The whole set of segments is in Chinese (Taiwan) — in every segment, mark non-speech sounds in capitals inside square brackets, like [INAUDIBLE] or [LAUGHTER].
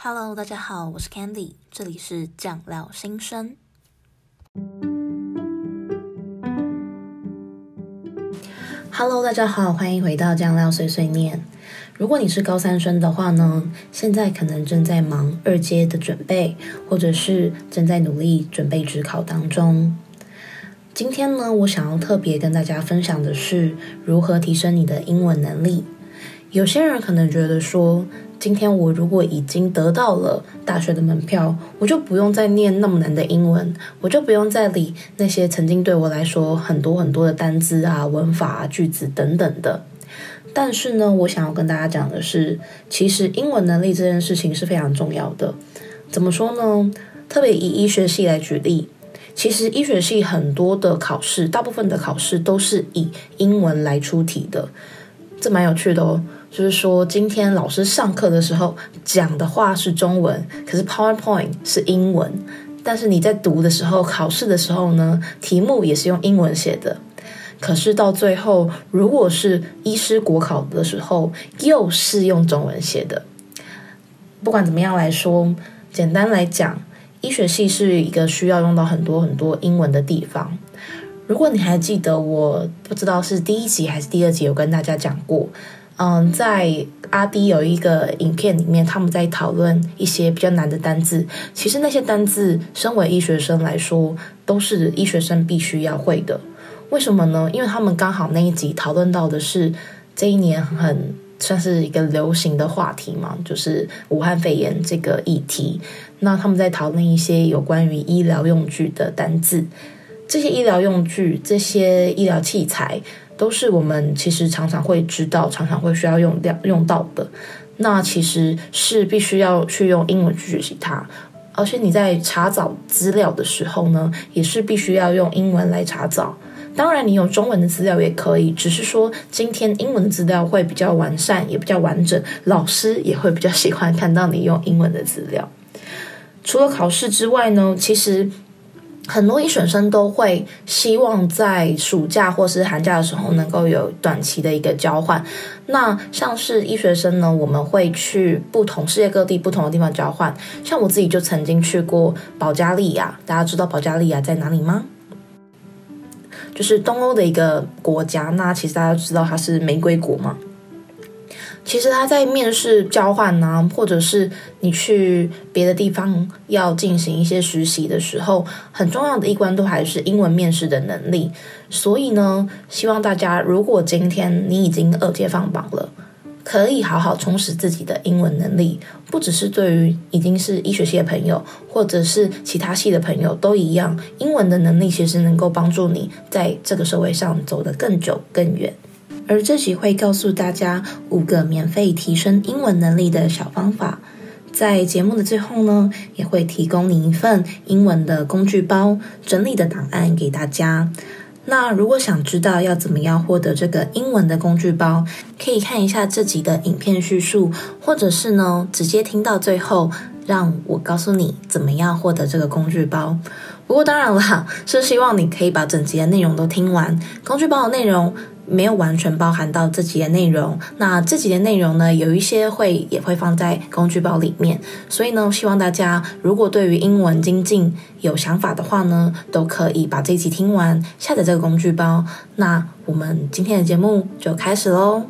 Hello，大家好，我是 Candy，這裡是醬料新生。Hello，大家好，歡迎回到醬料碎碎念。如果你是高三生的話呢，現在可能正在忙二階的準備，或者是正在努力準備指考當中。今天呢，我想要特別跟大家分享的是如何提升你的英文能力。有些人可能覺得說，今天我如果已經得到了大學的門票，我就不用再念那麼難的英文，我就不用再理那些曾經對我來說很多很多的單字啊、文法啊、句子等等的。但是呢，我想要跟大家講的是，其實英文能力這件事情是非常重要的。怎麼說呢？特別以醫學系來舉例，其實醫學系很多的考試，大部分的考試都是以英文來出題的，這蠻有趣的哦。就是說，今天老師上課的時候講的話是中文，可是 PowerPoint 是英文。但是你在讀的時候，考試的時候呢，題目也是用英文寫的。可是到最後，如果是醫師國考的時候，又是用中文寫的。不管怎麼樣來說，簡單來講，醫學系是一個需要用到很多很多英文的地方。如果你還記得，我不知道是第一集還是第二集，有跟大家講過。嗯，在阿滴有一個影片裡面，他們在討論一些比較難的單字。其實那些單字，身為醫學生來說，都是醫學生必須要會的。為什麼呢？因為他們剛好那一集討論到的是這一年很算是一個流行的話題嘛，就是武漢肺炎這個議題。那他們在討論一些有關於醫療用具的單字，這些醫療用具，這些醫療器材。都是我們其實常常會知道、常常會需要用用到的。那其實是必須要去用英文去學習它，而且你在查找資料的時候呢，也是必須要用英文來查找。當然，你用中文的資料也可以，只是說今天英文的資料會比較完善，也比較完整。老師也會比較喜歡看到你用英文的資料。除了考試之外呢，其實。很多醫學生都會希望在暑假或是寒假的時候能夠有短期的一個交換。那像是醫學生呢，我們會去不同世界各地不同的地方交換。像我自己就曾經去過保加利亞，大家知道保加利亞在哪裡嗎？就是東歐的一個國家。那其實大家知道它是玫瑰國嗎？其實他在面試交換啊，或者是你去別的地方要進行一些實習的時候，很重要的一關都還是英文面試的能力。所以呢，希望大家如果今天你已經二階放榜了，可以好好充實自己的英文能力。不只是對於已經是醫學系的朋友，或者是其他系的朋友都一樣，英文的能力其實能夠幫助你在這個社會上走得更久更遠。而這集會告訴大家五個免費提升英文能力的小方法，在節目的最後呢，也會提供你一份英文的工具包整理的檔案給大家。那如果想知道要怎麼樣獲得這個英文的工具包，可以看一下這集的影片敘述，或者是呢直接聽到最後，讓我告訴你怎麼樣獲得這個工具包。不過當然啦，是希望你可以把整集的內容都聽完。工具包的內容沒有完全包含到這集的內容，那這集的內容呢，有一些會也會放在工具包裡面。所以呢，希望大家如果對於英文精進有想法的話呢，都可以把這集聽完，下載這個工具包。那我們今天的節目就開始嘍。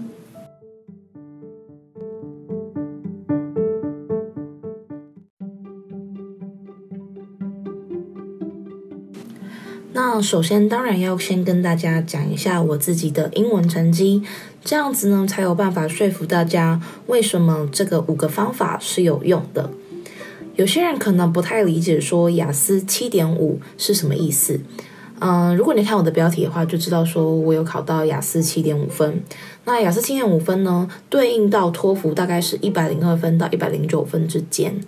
首先，當然要先跟大家講一下我自己的英文成績，這樣子呢，才有辦法說服大家為什麼這個五個方法是有用的。有些人可能不太理解，說雅思七點五是什麼意思？嗯、呃，如果你看我的標題的話，就知道說我有考到雅思七點五分。那雅思七點五分呢，對應到托福大概是一百零二分到一百零九分之間。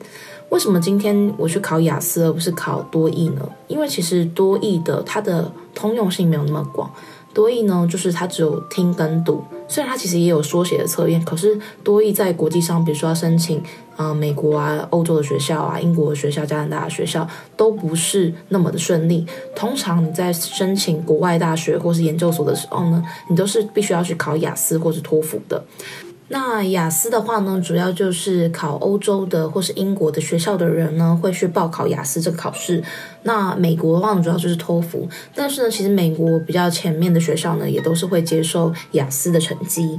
為什麼今天我去考雅思而不是考多益呢？因為其實多益的它的通用性沒有那麼廣，多益呢，就是它只有聽跟讀，雖然它其實也有縮寫的測驗，可是多益在國際上，比如說要申請啊、呃、美國啊、歐洲的學校啊、英國的學校、加拿大的學校都不是那麼的順利。通常你在申請國外大學或是研究所的時候呢，你都是必須要去考雅思或是托福的。那雅思的話呢，主要就是考歐洲的或是英國的學校的人呢，會去報考雅思這個考試。那美國的話呢，主要就是托福。但是呢，其實美國比較前面的學校呢，也都是會接受雅思的成績。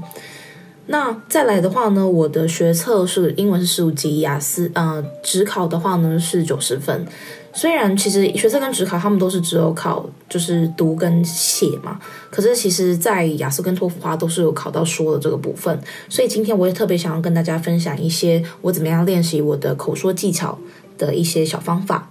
那再來的話呢，我的學測是英文是十五級，雅思呃，指考的話呢是九十分。雖然其實學測跟指考他們都是只有考就是讀跟寫嘛，可是其實，在雅思跟托福的話都是有考到說的這個部分。所以今天我也特別想要跟大家分享一些我怎麼樣練習我的口說技巧的一些小方法。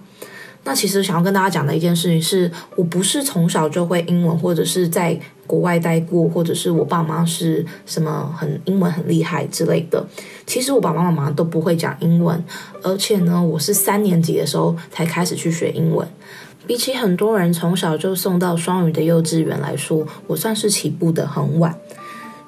那其實想要跟大家講的一件事情是，我不是從小就會英文，或者是在國外待過，或者是我爸媽是什麼很英文很厲害之類的。其實我爸爸媽媽都不會講英文，而且呢，我是三年級的時候才開始去學英文。比起很多人從小就送到雙語的幼稚園來說，我算是起步得很晚。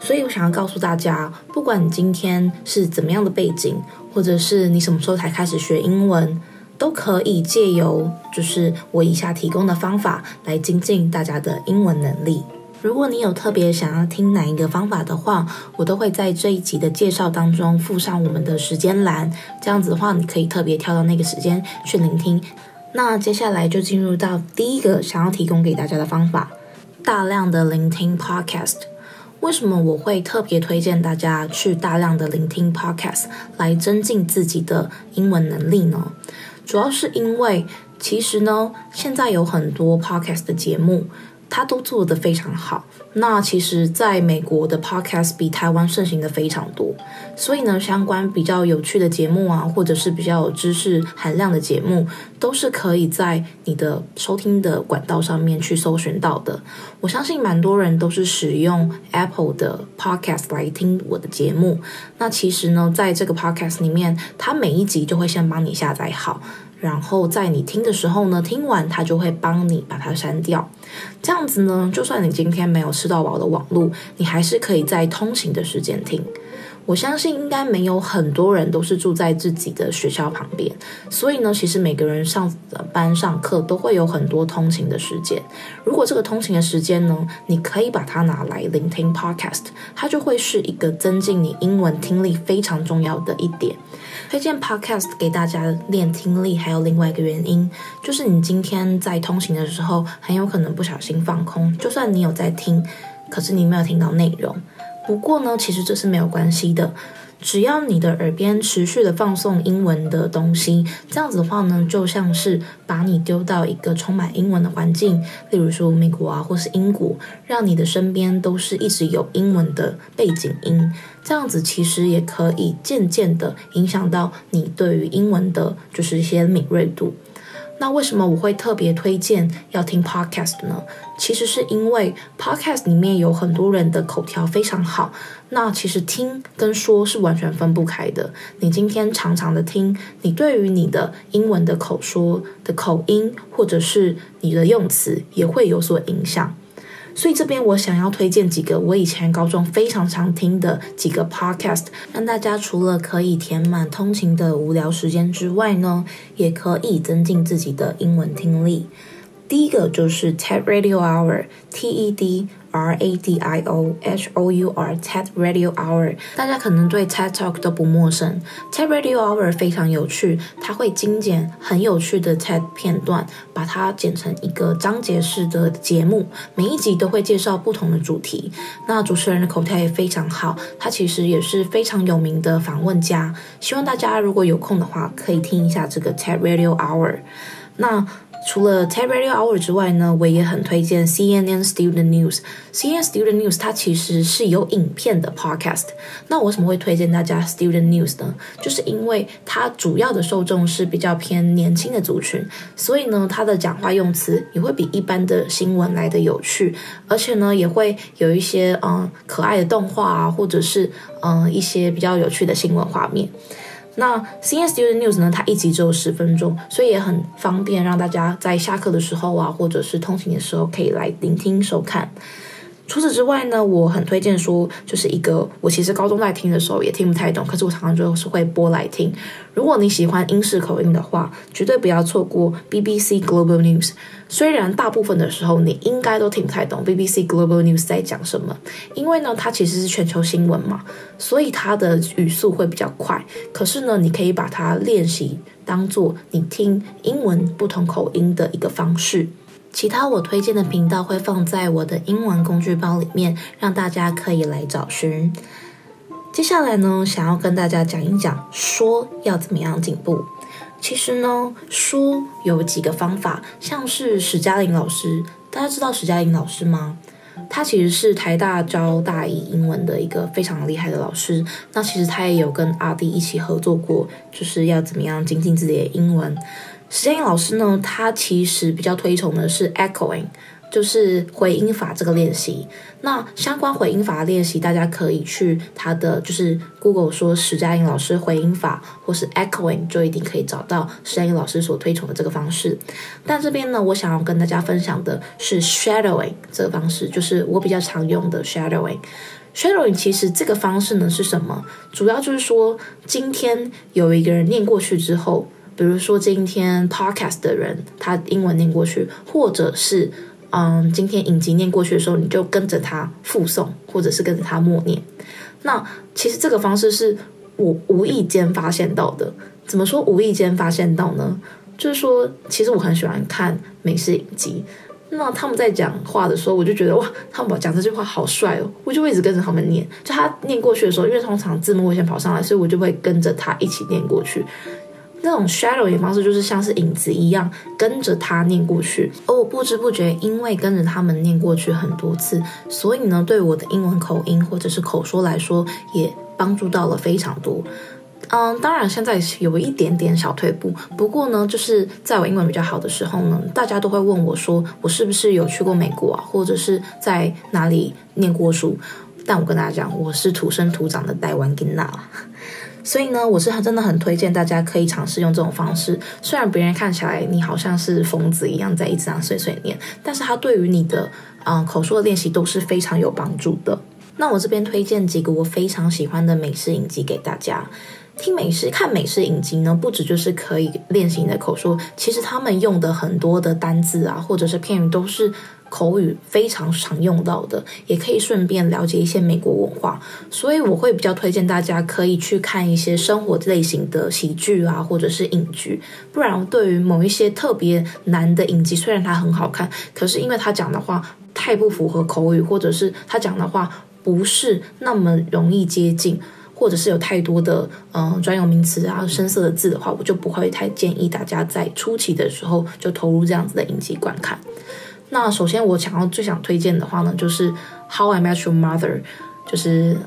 所以我想要告訴大家，不管你今天是怎麼樣的背景，或者是你什麼時候才開始學英文，都可以借由就是我以下提供的方法來精進大家的英文能力。如果你有特別想要聽哪一個方法的話，我都會在這一集的介紹當中附上我們的時間欄，這樣子的話，你可以特別跳到那個時間去聆聽。那接下來就進入到第一個想要提供給大家的方法：大量的聆聽 podcast。為什麼我會特別推薦大家去大量的聆聽 podcast 來增進自己的英文能力呢？主要是因為，其實呢，現在有很多 podcast 的節目，它都做得非常好。那其實，在美國的 Podcast 比台灣盛行的非常多，所以呢，相關比較有趣的節目啊，或者是比較有知識含量的節目，都是可以在你的收聽的管道上面去搜尋到的。我相信，蠻多人都是使用 Apple 的 Podcast 來聽我的節目。那其實呢，在這個 Podcast 裡面，它每一集就會先幫你下載好。然後在你聽的時候呢，聽完它就會幫你把它刪掉。這樣子呢，就算你今天沒有吃到飽的網路，你還是可以在通勤的時間聽。我相信應該沒有很多人都是住在自己的學校旁邊，所以呢，其實每個人上的班上課都會有很多通勤的時間。如果這個通勤的時間呢，你可以把它拿來聆聽 podcast，它就會是一個增進你英文聽力非常重要的一點。推薦 Podcast 給大家練聽力，還有另外一個原因，就是你今天在通行的時候，很有可能不小心放空。就算你有在聽，可是你沒有聽到內容。不過呢，其實這是沒有關係的。只要你的耳邊持續的放送英文的東西，這樣子的話呢，就像是把你丟到一個充滿英文的環境，例如說美國啊，或是英國，讓你的身邊都是一直有英文的背景音，這樣子其實也可以漸漸的影響到你對於英文的，就是一些敏銳度。那為什麼我會特別推薦要聽 podcast 呢？其實是因為 podcast 裡面有很多人的口條非常好。那其實聽跟說是完全分不開的。你今天常常的聽，你對於你的英文的口說，的口音，或者是你的用詞也會有所影響。所以這邊我想要推薦幾個我以前高中非常常聽的幾個 podcast，讓大家除了可以填滿通勤的無聊時間之外呢，也可以增進自己的英文聽力。第一個就是 TED Radio Hour，TED。R A D I O H O U R TED RADIO HOUR，大家可能對 TED Talk 都不陌生。TED RADIO HOUR 非常有趣，他會精簡很有趣的 TED 片段，把它剪成一個章節式的節目。每一集都會介紹不同的主題。那主持人的口才也非常好，他其實也是非常有名的訪問家。希望大家如果有空的話，可以聽一下這個 TED RADIO HOUR。那除了 Tab Radio Hour 之外呢，我也很推薦 CNN Student News。CNN Student News 它其實是有影片的 podcast。那我為什麼會推薦大家 Student News 呢？就是因為它主要的受眾是比較偏年輕的族群，所以呢，它的講話用詞也會比一般的新聞來得有趣，而且呢，也會有一些嗯可愛的動畫啊，或者是嗯一些比較有趣的新聞畫面。那 CNN Student News 呢，它一集只有十分鐘，所以也很方便，讓大家在下課的時候啊，或者是通勤的時候，可以來聆聽、收看。除此之外呢，我很推薦說，就是一個我其實高中在聽的時候也聽不太懂，可是我常常就是會播來聽。如果你喜歡英式口音的話，絕對不要錯過 BBC Global News。雖然大部分的時候你應該都聽不太懂 BBC Global News 在講什麼，因為呢，它其實是全球新聞嘛，所以它的語速會比較快。可是呢，你可以把它練習當做你聽英文不同口音的一個方式。其他我推薦的頻道會放在我的英文工具包裡面，讓大家可以來找尋。接下來呢，想要跟大家講一講說要怎麼樣進步。其實呢，說有幾個方法，像是史嘉琳老師，大家知道史嘉琳老師嗎？他其實是台大教大一英文的一個非常厲害的老師。那其實他也有跟阿滴一起合作過，就是要怎麼樣精進，進自己的英文。石佳穎老師呢，他其實比較推崇的是 echoing，就是回音法這個練習。那相關回音法的練習，大家可以去他的就是 Google 說石佳穎老師回音法，或是 echoing 就一定可以找到石佳穎老師所推崇的這個方式。但這邊呢，我想要跟大家分享的是 shadowing 這個方式，就是我比較常用的 shadowing。shadowing 其實這個方式呢是什麼？主要就是說，今天有一個人念過去之後。比如說今天 podcast 的人，他英文念過去，或者是嗯，今天影集念過去的時候，你就跟着他復誦，或者是跟着他默念。那其實這個方式是我無意間發現到的。怎麼說無意間發現到呢？就是說，其實我很喜歡看美式影集，那他們在講話的時候，我就覺得哇，他們講這句話好帥哦，我就會一直跟着他們念。就他念過去的時候，因為通常字幕會先跑上來，所以我就會跟着他一起念過去。那種 shadow 的方式就是像是影子一樣跟着他念過去，而我不知不覺，因為跟着他們念過去很多次，所以呢，對我的英文口音或者是口說來說也幫助到了非常多。嗯，當然現在有一點點小退步，不過呢就是在我英文比較好的時候呢，大家都會問我說，我是不是有去過美國啊，或者是在哪裡念過書？但我跟大家講，我是土生土長的台灣囡仔。所以呢，我是真的很推薦大家可以嘗試用這種方式。雖然別人看起來你好像是瘋子一樣在一直這樣碎碎念，但是它對於你的嗯、呃、口述的練習都是非常有幫助的。那我這邊推薦幾個我非常喜歡的美式影集給大家。聽美式，看美式影集呢，不只就是可以練習你的口說，其實他們用的很多的單字啊，或者是片語，都是口語非常常用到的，也可以順便了解一些美國文化。所以我會比較推薦大家可以去看一些生活類型的喜劇啊，或者是影劇，不然對於某一些特別難的影集，雖然它很好看，可是因為它講的話太不符合口語，或者是它講的話不是那麼容易接近，或者是有太多的嗯、專有名詞啊、深色的字的話，我就不會太建議大家在初期的時候就投入這樣子的影集觀看。那首先我想要最想推薦的話呢，就是《How I Met Your Mother》，就是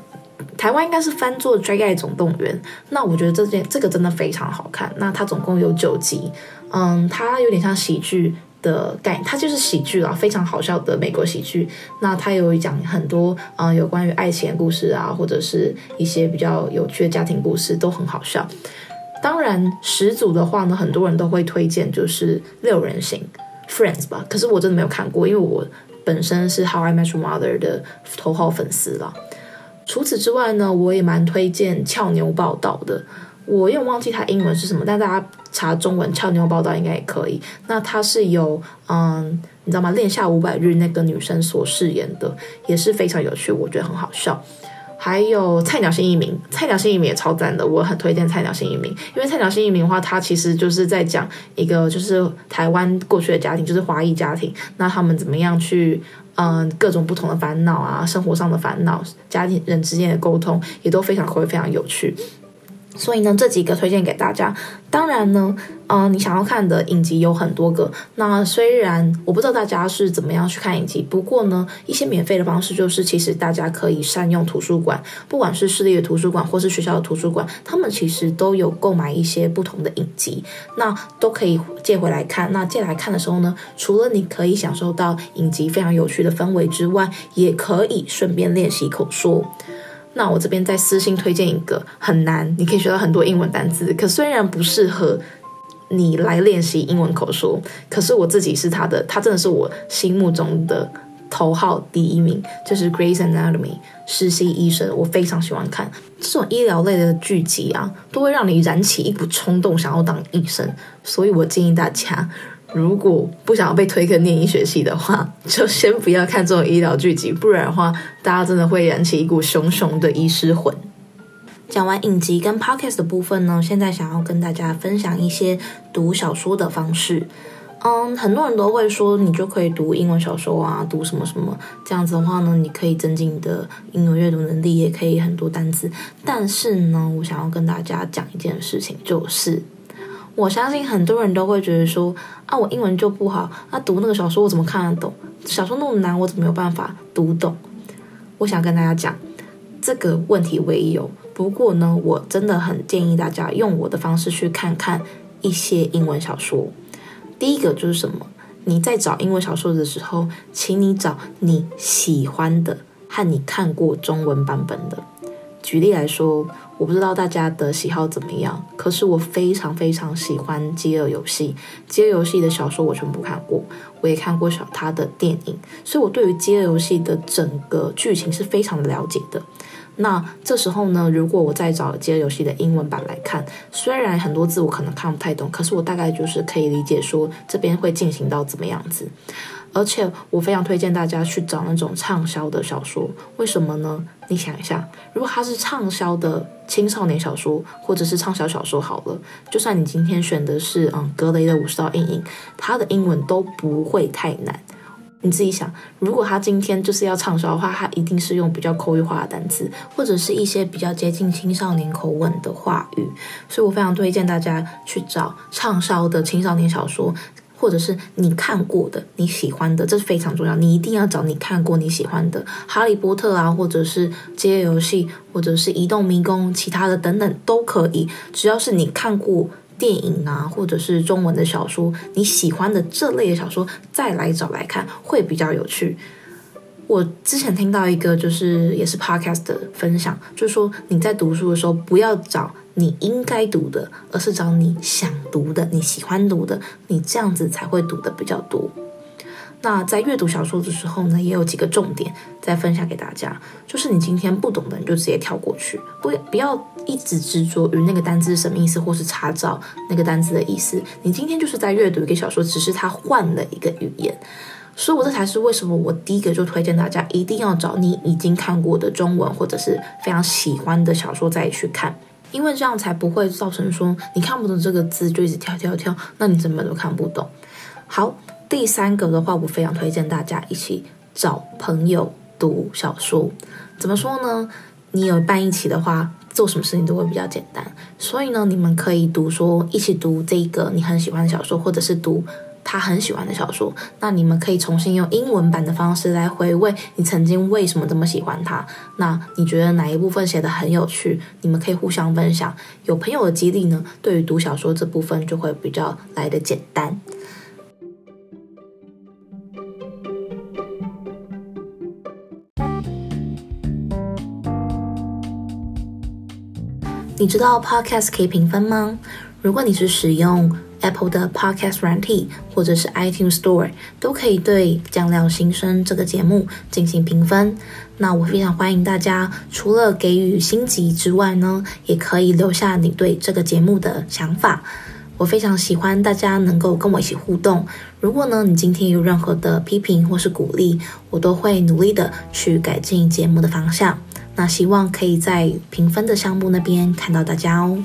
台灣應該是翻作《追愛總動員》。那我覺得這件這個真的非常好看。那它總共有九集，嗯，它有點像喜劇的概念它就是喜劇啦，非常好笑的美國喜劇。那它有講很多啊、呃，有關於愛情故事啊，或者是一些比較有趣的家庭故事，都很好笑。當然，sitcom 的話呢，很多人都會推薦就是六人行 Friends 吧。可是我真的沒有看過，因為我本身是 How I Met Your Mother 的頭號粉絲啦。除此之外呢，我也蠻推薦俏妞報到的。我又忘記他英文是什麼，但大家查中文《俏妞報道》應該也可以。那他是由嗯，你知道嗎？戀夏五百日那個女生所飾演的，也是非常有趣，我覺得很好笑。還有菜鳥一《菜鳥新移民》，《菜鳥新移民》也超讚的，我很推薦《菜鳥新移民》，因為《菜鳥新移民》的話，它其實就是在講一個就是台灣過去的家庭，就是華裔家庭，那他們怎麼樣去嗯各種不同的煩惱啊，生活上的煩惱，家庭人之間的溝通，也都非常可非常有趣。所以呢，這幾個推薦給大家。當然呢，嗯、呃，你想要看的影集有很多個。那雖然我不知道大家是怎麼樣去看影集，不過呢，一些免費的方式就是，其實大家可以善用圖書館，不管是市立的圖書館或是學校的圖書館，他們其實都有購買一些不同的影集，那都可以借回來看。那借來看的時候呢，除了你可以享受到影集非常有趣的氛圍之外，也可以順便練習口說。那我這邊再私心推薦一個很難，你可以學到很多英文單詞。可雖然不適合你來練習英文口說，可是我自己是他的，他真的是我心目中的頭號第一名，就是《Grey's Anatomy》實習醫生，我非常喜歡看這種醫療類的劇集啊，都會讓你燃起一股衝動，想要當醫生。所以我建議大家。如果不想要被推坑念醫學系的話，就先不要看這種醫療劇集，不然的話，大家真的會燃起一股熊熊的醫師魂。講完影集跟 Podcast 的部分呢，現在想要跟大家分享一些讀小說的方式。嗯，um，很多人都會說你就可以讀英文小說啊，讀什麼什麼，這樣子的話呢，你可以增進你的英文閱讀能力，也可以很多單詞。但是呢，我想要跟大家講一件事情，就是。我相信很多人都會覺得說啊，我英文就不好，那、啊、讀那個小說我怎麼看得懂？小說那麼難，我怎麼有辦法讀懂？我想跟大家講，這個問題我也有。不過呢，我真的很建議大家用我的方式去看看一些英文小說。第一個就是什麼？你在找英文小說的時候，請你找你喜歡的和你看過中文版本的。舉例來說。我不知道大家的喜好怎麼樣，可是我非常非常喜歡《飢餓遊戲》，《飢餓遊戲》的小說我全部看過，我也看過小他的電影，所以我對於《飢餓遊戲》的整個劇情是非常的了解的。那這時候呢，如果我再找《飢餓遊戲》的英文版來看，雖然很多字我可能看不太懂，可是我大概就是可以理解說這邊會進行到怎麼樣子。而且我非常推薦大家去找那種暢銷的小說，為什麼呢？你想一下，如果它是暢銷的青少年小說，或者是暢銷小說好了，就算你今天選的是嗯格雷的五十道陰影，它的英文都不會太難。你自己想，如果它今天就是要暢銷的話，它一定是用比較口語化的單詞，或者是一些比較接近青少年口吻的話語。所以我非常推薦大家去找暢銷的青少年小說。或者是你看過的、你喜歡的，這是非常重要。你一定要找你看過、你喜歡的《哈利波特》啊，或者是《飢餓遊戲》，或者是《移動迷宮》其他的等等都可以。只要是你看過電影啊，或者是中文的小說，你喜歡的這類的小說，再來找來看會比較有趣。我之前聽到一個就是也是 podcast 的分享，就是說你在讀書的時候不要找。你應該讀的，而是找你想讀的、你喜歡讀的，你這樣子才會讀的比較多。那在閱讀小說的時候呢，也有幾個重點再分享給大家，就是你今天不懂的，你就直接跳過去，不，不要一直執着於那個單字是什麼意思，或是查找那個單字的意思。你今天就是在閱讀一個小說，只是他換了一個語言，所以我這才是為什麼我第一個就推薦大家一定要找你已經看過的中文，或者是非常喜歡的小說再去看。因為這樣才不會造成說你看不懂這個字就一直跳跳跳，那你怎麼都看不懂。好，第三個的話，我非常推薦大家一起找朋友讀小說。怎麼說呢？你有伴一起的話，做什麼事情都會比較簡單。所以呢，你們可以讀說一起讀這一個你很喜歡的小說，或者是讀。他很喜歡的小說，那你們可以重新用英文版的方式來回味你曾經為什麼這麼喜歡他。那你覺得哪一部分寫得很有趣？你們可以互相分享。有朋友的激勵呢，對於讀小說這部分就會比較來得簡單。 [MUSIC] 你知道 Podcast 可以評分嗎？如果你是使用。Apple 的 Podcast Ranty 或者是 iTunes Store 都可以對《醬料新生》這個節目進行評分。那我非常歡迎大家，除了給予星級之外呢，也可以留下你對這個節目的想法。我非常喜歡大家能夠跟我一起互動。如果呢，你今天有任何的批評或是鼓勵，我都會努力的去改進節目的方向。那希望可以在評分的項目那邊看到大家哦。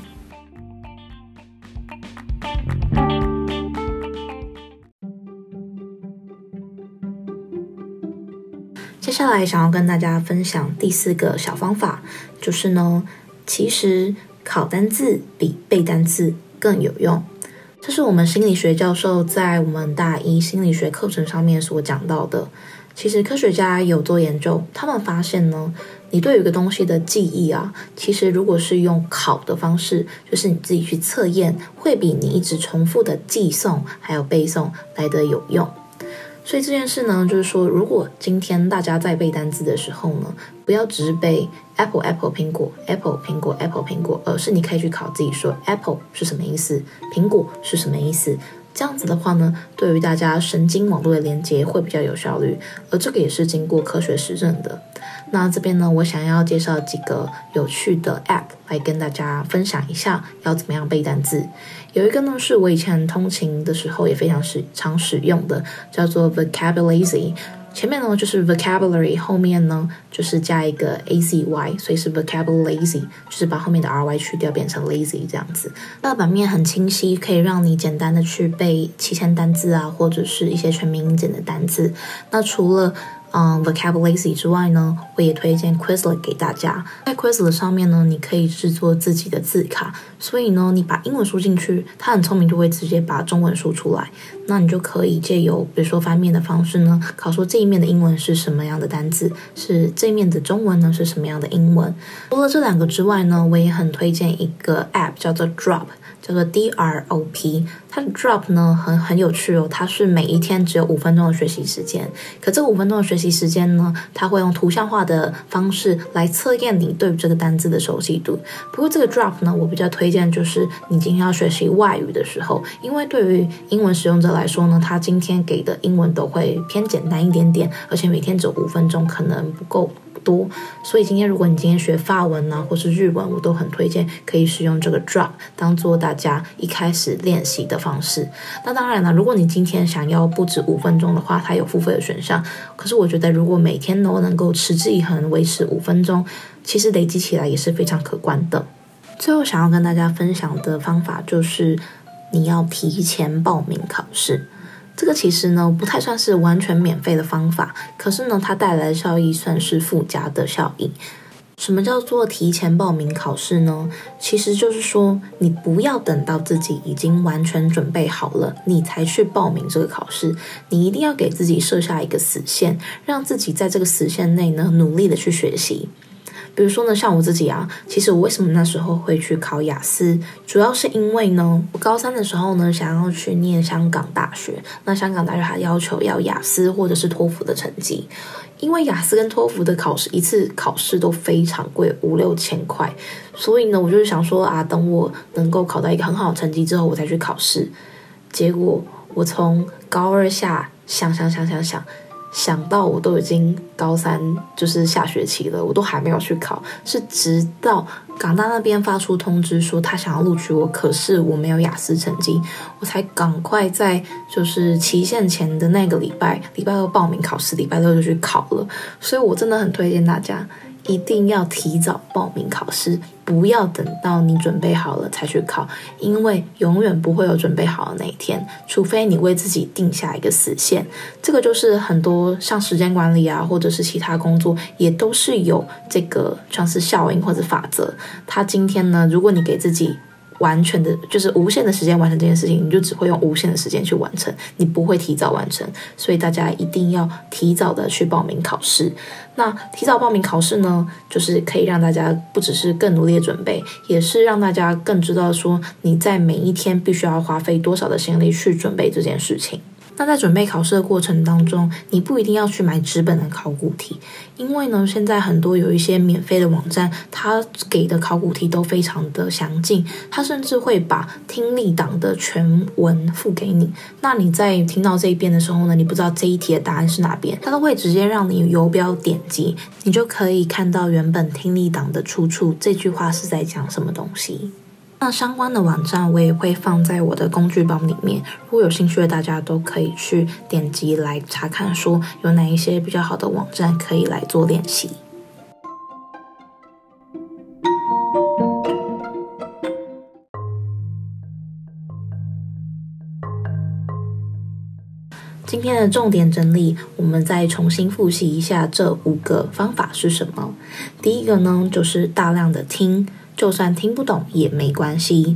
接下來想要跟大家分享第四個小方法，就是呢，其實考單字比背單字更有用。這是我們心理學教授在我們大一心理學課程上面所講到的。其實科學家有做研究，他們發現呢，你對於一個東西的記憶啊，其實如果是用考的方式，就是你自己去測驗，會比你一直重複的記誦還有背誦來得有用。所以這件事呢，就是說，如果今天大家在背單字的時候呢，不要只是背 apple apple 蘋果 apple 蘋果 apple 蘋果，而是你可以去考自己說 apple 是什麼意思，蘋果是什麼意思。這樣子的話呢，對於大家神經網絡的連接會比較有效率，而這個也是經過科學實證的。那這邊呢，我想要介紹幾個有趣的 app 來跟大家分享一下要怎麼樣背單字。有一個呢，是我以前通勤的時候也非常使常使用的，叫做 Vocabulary。前面呢，就是 Vocabulary。後面呢，就是加一個 a z y，所以是 Vocabulary，就是把後面的 r y 去掉，變成 Lazy 這樣子。那版面很清晰，可以讓你簡單的去背七千單字啊，或者是一些全民英檢的單字。那除了嗯，um，vocabulary 之外呢，我也推薦 Quizlet 給大家。在 Quizlet 上面呢，你可以製作自己的字卡，所以呢，你把英文輸進去，它很聰明就會直接把中文輸出來。那你就可以借由比如說翻面的方式呢，考說這一面的英文是什麼樣的單詞，是這面的中文呢是什麼樣的英文。除了這兩個之外呢，我也很推薦一個 app 叫做 Drop，叫做 D R O P。它的 drop 呢很很有趣哦，它是每一天只有五分鐘的學習時間，可這五分鐘的學習時間呢，它會用圖像化的方式來測驗你對於這個單字的熟悉度。不過這個 drop 呢，我比較推薦就是你今天要學習外語的時候，因為對於英文使用者來說呢，它今天給的英文都會偏簡單一點點，而且每天只有五分鐘，可能不夠。多，所以今天如果你今天學法文呢、啊，或是日文，我都很推薦可以使用這個 drop 當作大家一開始練習的方式。那當然了，如果你今天想要不止五分鐘的話，它有付費的選項。可是我覺得，如果每天都能夠持之以恆，維持五分鐘，其實累積起來也是非常可觀的。最後，想要跟大家分享的方法就是，你要提前報名考試。這個其實呢，不太算是完全免費的方法，可是呢，它帶來的效益算是附加的效益。什麼叫做提前報名考試呢？其實就是說，你不要等到自己已經完全準備好了，你才去報名這個考試，你一定要給自己設下一個死線，讓自己在這個死線內呢，努力的去學習。比如說呢，像我自己啊，其實我為什麼那時候會去考雅思，主要是因為呢，我高三的時候呢，想要去念香港大學，那香港大學還要求要雅思或者是托福的成績，因為雅思跟托福的考試一次考試都非常貴，五六千塊，所以呢，我就是想說啊，等我能夠考到一個很好的成績之後，我才去考試。結果我從高二下想想想想想。想到，我都已經高三，就是下學期了，我都還沒有去考，是直到港大那邊發出通知說他想要錄取我，可是我沒有雅思成績，我才趕快在就是期限前的那個禮拜，禮拜二報名考試，禮拜六就去考了。所以，我真的很推薦大家一定要提早報名考試。不要等到你準備好了才去考，因為永遠不會有準備好的那一天，除非你為自己定下一個死線。這個就是很多像時間管理啊，或者是其他工作，也都是有這個像是效應或者法則。它今天呢，如果你給自己。完全的，就是無限的時間完成這件事情，你就只會用無限的時間去完成，你不會提早完成。所以大家一定要提早的去報名考試。那提早報名考試呢，就是可以讓大家不只是更努力的準備，也是讓大家更知道說你在每一天必須要花費多少的心力去準備這件事情。那在準備考試的過程當中，你不一定要去買紙本的考古題，因為呢，現在很多有一些免費的網站，它給的考古題都非常的詳盡，它甚至會把聽力檔的全文附給你。那你在聽到這一遍的時候呢，你不知道這一題的答案是哪邊，它都會直接讓你游標點擊，你就可以看到原本聽力檔的出處，這句話是在講什麼東西。那相關的網站我也會放在我的工具包裡面，如果有興趣的大家都可以去點擊來查看，說有哪一些比較好的網站可以來做練習。今天的重點整理，我們再重新複習一下這五個方法是什麼。第一個呢，就是大量的聽。就算聽不懂也沒關係，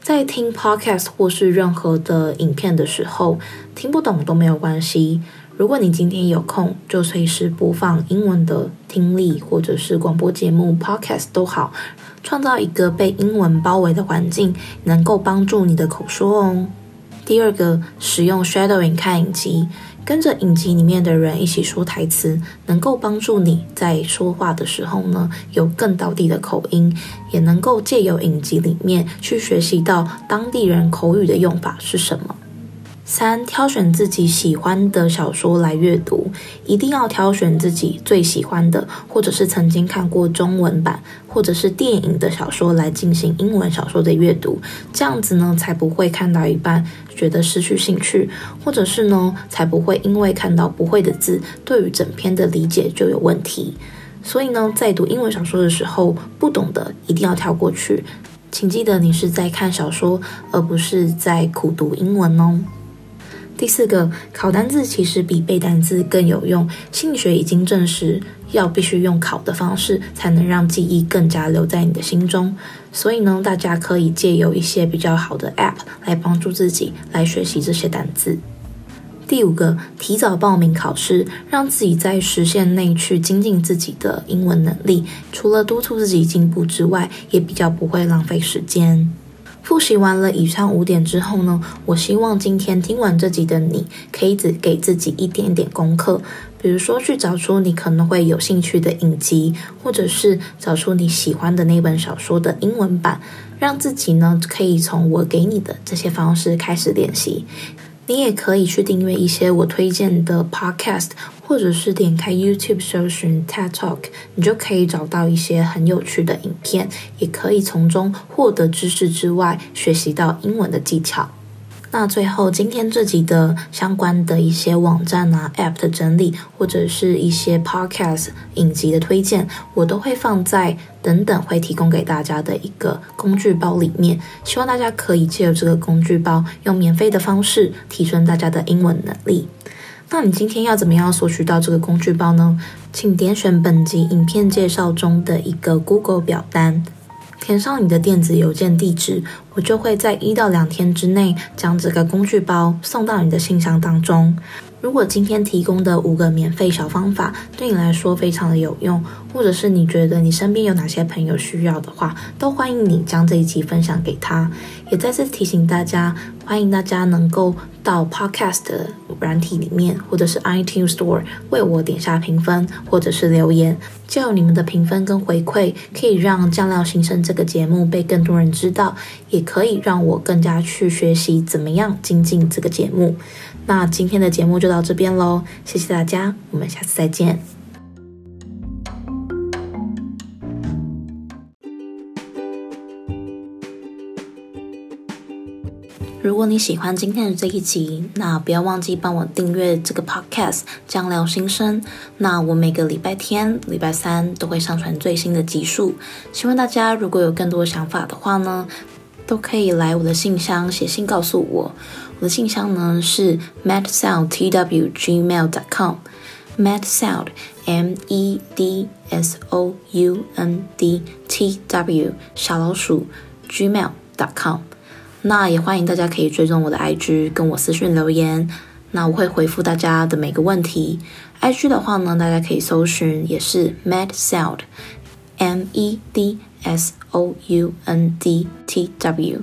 在聽 podcast 或是任何的影片的時候，聽不懂都沒有關係。如果你今天有空，就隨時播放英文的聽力或者是廣播節目 podcast 都好，創造一個被英文包圍的環境，能夠幫助你的口說哦。第二個，使用 shadowing 看影集。跟着影集裡面的人一起說台詞，能夠幫助你在說話的時候呢，有更道地的口音，也能夠借由影集裡面去學習到當地人口語的用法是什麼。三、挑選自己喜歡的小說來閱讀，一定要挑選自己最喜歡的，或者是曾經看過中文版或者是電影的小說來進行英文小說的閱讀。這樣子呢，才不會看到一半覺得失去興趣，或者是呢，才不會因為看到不會的字，對於整篇的理解就有問題。所以呢，在讀英文小說的時候，不懂的一定要跳過去。請記得你是在看小說，而不是在苦讀英文哦。第四個，考單字其實比背單字更有用。心理學已經證實，要必須用考的方式，才能讓記憶更加留在你的心中。所以呢，大家可以借由一些比較好的 App 來幫助自己來學習這些單字。第五個，提早報名考試，讓自己在時限內去精進自己的英文能力。除了督促自己進步之外，也比較不會浪費時間。複習完了以上五點之後呢，我希望今天聽完這集的你，可以只給自己一點點功課，比如說去找出你可能會有興趣的影集，或者是找出你喜歡的那本小說的英文版，讓自己呢可以從我給你的這些方式開始練習。你也可以去訂閱一些我推薦的 podcast，或者是點開 YouTube 搜尋 TED Talk，你就可以找到一些很有趣的影片，也可以從中獲得知識之外，學習到英文的技巧。那最後，今天這集的相關的一些網站啊、App 的整理，或者是一些 Podcast 影集的推薦，我都會放在等等會提供給大家的一個工具包裡面。希望大家可以借由這個工具包，用免費的方式提升大家的英文能力。那你今天要怎麼樣索取到這個工具包呢？請點選本集影片介紹中的一個 Google 表單。填上你的電子郵件地址，我就會在一到兩天之內將這個工具包送到你的信箱當中。如果今天提供的五個免費小方法對你來說非常的有用，或者是你覺得你身邊有哪些朋友需要的話，都歡迎你將這一集分享給他。也再次提醒大家，歡迎大家能夠。到 Podcast 軟體裡面，或者是 iTunes Store 為我點下評分，或者是留言。就你們的評分跟回饋，可以讓《醬料碎碎唸》這個節目被更多人知道，也可以讓我更加去學習怎麼樣精進這個節目。那今天的節目就到這邊嘍，謝謝大家，我們下次再見。如果你喜歡今天的這一集，那不要忘記幫我訂閱這個 podcast《醬料新生》。那我每個禮拜天、禮拜三都會上傳最新的集數。希望大家如果有更多想法的話呢，都可以來我的信箱寫信告訴我。我的信箱呢是 medsoundtw@gmail.com，medsound m, mail. Com, m, ound, m e d s o u n d t w 小老鼠 gmail.com。那也歡迎大家可以追蹤我的 IG，跟我私訊留言，那我會回復大家的每個問題。IG 的話呢，大家可以搜尋，也是 MedSound，M E D S O U N D T W。